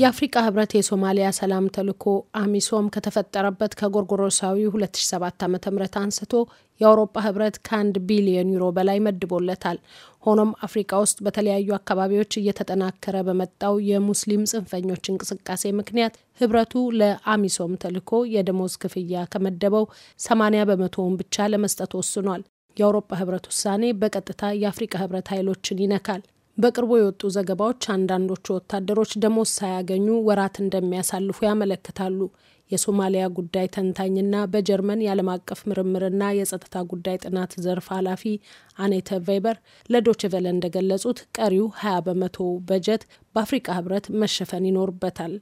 የአፍሪቃ ህብረት የሶማሊያ ሰላም ተልዕኮ አሚሶም ከተፈጠረበት ከጎርጎሮሳዊ 2007 ዓ ም አንስቶ የአውሮፓ ህብረት ከአንድ ቢሊዮን ዩሮ በላይ መድቦለታል። ሆኖም አፍሪካ ውስጥ በተለያዩ አካባቢዎች እየተጠናከረ በመጣው የሙስሊም ጽንፈኞች እንቅስቃሴ ምክንያት ህብረቱ ለአሚሶም ተልኮ የደሞዝ ክፍያ ከመደበው 80 በመቶውን ብቻ ለመስጠት ወስኗል። የአውሮፓ ህብረት ውሳኔ በቀጥታ የአፍሪካ ህብረት ኃይሎችን ይነካል። በቅርቡ የወጡ ዘገባዎች አንዳንዶቹ ወታደሮች ደሞዝ ሳያገኙ ወራት እንደሚያሳልፉ ያመለክታሉ። የሶማሊያ ጉዳይ ተንታኝና በጀርመን የዓለም አቀፍ ምርምርና የጸጥታ ጉዳይ ጥናት ዘርፍ ኃላፊ አኔተ ቬይበር ለዶችቨለ እንደገለጹት ቀሪው 20 በመቶ በጀት በአፍሪቃ ህብረት መሸፈን ይኖርበታል።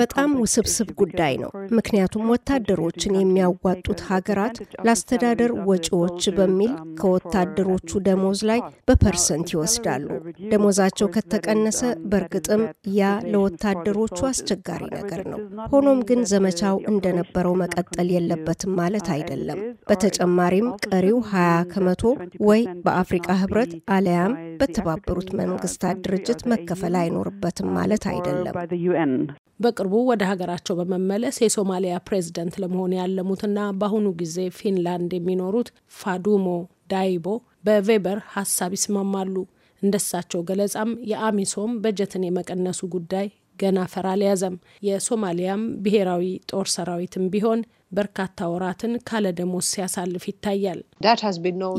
በጣም ውስብስብ ጉዳይ ነው። ምክንያቱም ወታደሮችን የሚያዋጡት ሀገራት ለአስተዳደር ወጪዎች በሚል um, ከወታደሮቹ ደሞዝ ላይ በፐርሰንት uh, ይወስዳሉ። ደሞዛቸው ከተቀነሰ um, በእርግጥም ያ ለወታደሮቹ አስቸጋሪ ነገር ነው። ሆኖም ግን ዘመቻው እንደነበረው መቀጠል የለበትም ማለት uh, አይደለም። በተጨማሪም ቀሪው 20 ከመቶ ወይ በአፍሪቃ ህብረት አለያም በተባበሩት uh, መንግስታት ድርጅት መከፈል መከፋፈል አይኖርበትም ማለት አይደለም። በቅርቡ ወደ ሀገራቸው በመመለስ የሶማሊያ ፕሬዝደንት ለመሆን ያለሙትና በአሁኑ ጊዜ ፊንላንድ የሚኖሩት ፋዱሞ ዳይቦ በቬበር ሀሳብ ይስማማሉ። እንደሳቸው ገለጻም የአሚሶም በጀትን የመቀነሱ ጉዳይ ገና ፈር አልያዘም። የሶማሊያም ብሔራዊ ጦር ሰራዊትም ቢሆን በርካታ ወራትን ካለ ደሞዝ ሲያሳልፍ ይታያል።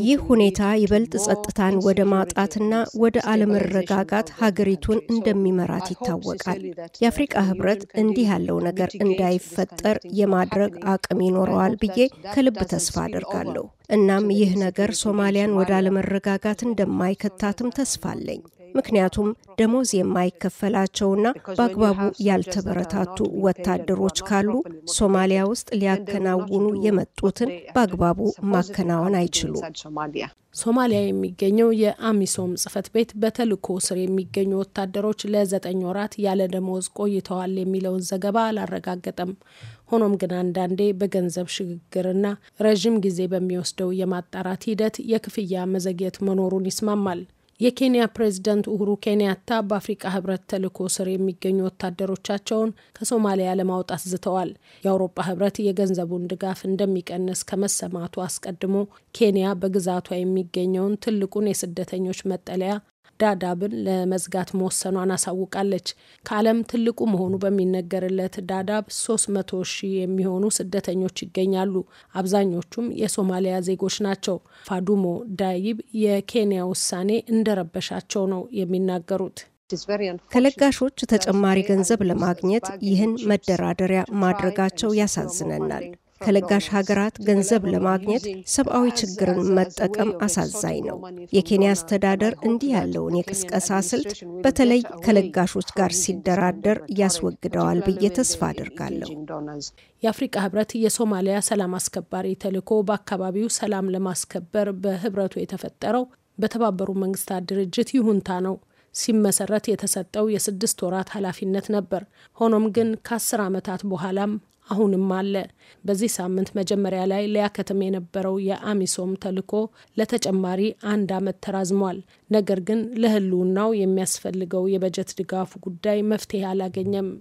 ይህ ሁኔታ ይበልጥ ጸጥታን ወደ ማጣትና ወደ አለመረጋጋት ሀገሪቱን እንደሚመራት ይታወቃል። የአፍሪቃ ህብረት እንዲህ ያለው ነገር እንዳይፈጠር የማድረግ አቅም ይኖረዋል ብዬ ከልብ ተስፋ አድርጋለሁ። እናም ይህ ነገር ሶማሊያን ወደ አለመረጋጋት እንደማይከታትም ተስፋ አለኝ። ምክንያቱም ደሞዝ የማይከፈላቸውና በአግባቡ ያልተበረታቱ ወታደሮች ካሉ ሶማሊያ ውስጥ ሊያከናውኑ የመጡትን በአግባቡ ማከናወን አይችሉም። ሶማሊያ የሚገኘው የአሚሶም ጽህፈት ቤት በተልእኮ ስር የሚገኙ ወታደሮች ለዘጠኝ ወራት ያለ ደሞዝ ቆይተዋል የሚለውን ዘገባ አላረጋገጠም። ሆኖም ግን አንዳንዴ በገንዘብ ሽግግርና ረዥም ጊዜ በሚወስደው የማጣራት ሂደት የክፍያ መዘግየት መኖሩን ይስማማል። የኬንያ ፕሬዝደንት ኡሁሩ ኬንያታ በአፍሪቃ ህብረት ተልዕኮ ስር የሚገኙ ወታደሮቻቸውን ከሶማሊያ ለማውጣት ዝተዋል። የአውሮፓ ህብረት የገንዘቡን ድጋፍ እንደሚቀንስ ከመሰማቱ አስቀድሞ ኬንያ በግዛቷ የሚገኘውን ትልቁን የስደተኞች መጠለያ ዳዳብን ለመዝጋት መወሰኗን አሳውቃለች። ከዓለም ትልቁ መሆኑ በሚነገርለት ዳዳብ 300 ሺህ የሚሆኑ ስደተኞች ይገኛሉ። አብዛኞቹም የሶማሊያ ዜጎች ናቸው። ፋዱሞ ዳይብ የኬንያ ውሳኔ እንደረበሻቸው ነው የሚናገሩት። ከለጋሾች ተጨማሪ ገንዘብ ለማግኘት ይህን መደራደሪያ ማድረጋቸው ያሳዝነናል። ከለጋሽ ሀገራት ገንዘብ ለማግኘት ሰብአዊ ችግርን መጠቀም አሳዛኝ ነው። የኬንያ አስተዳደር እንዲህ ያለውን የቅስቀሳ ስልት በተለይ ከለጋሾች ጋር ሲደራደር ያስወግደዋል ብዬ ተስፋ አድርጋለሁ። የአፍሪቃ ህብረት የሶማሊያ ሰላም አስከባሪ ተልዕኮ በአካባቢው ሰላም ለማስከበር በህብረቱ የተፈጠረው በተባበሩ መንግስታት ድርጅት ይሁንታ ነው ሲመሰረት የተሰጠው የስድስት ወራት ኃላፊነት ነበር። ሆኖም ግን ከአስር ዓመታት በኋላም አሁንም አለ። በዚህ ሳምንት መጀመሪያ ላይ ሊያከትም የነበረው የአሚሶም ተልዕኮ ለተጨማሪ አንድ ዓመት ተራዝሟል። ነገር ግን ለህልውናው የሚያስፈልገው የበጀት ድጋፍ ጉዳይ መፍትሄ አላገኘም።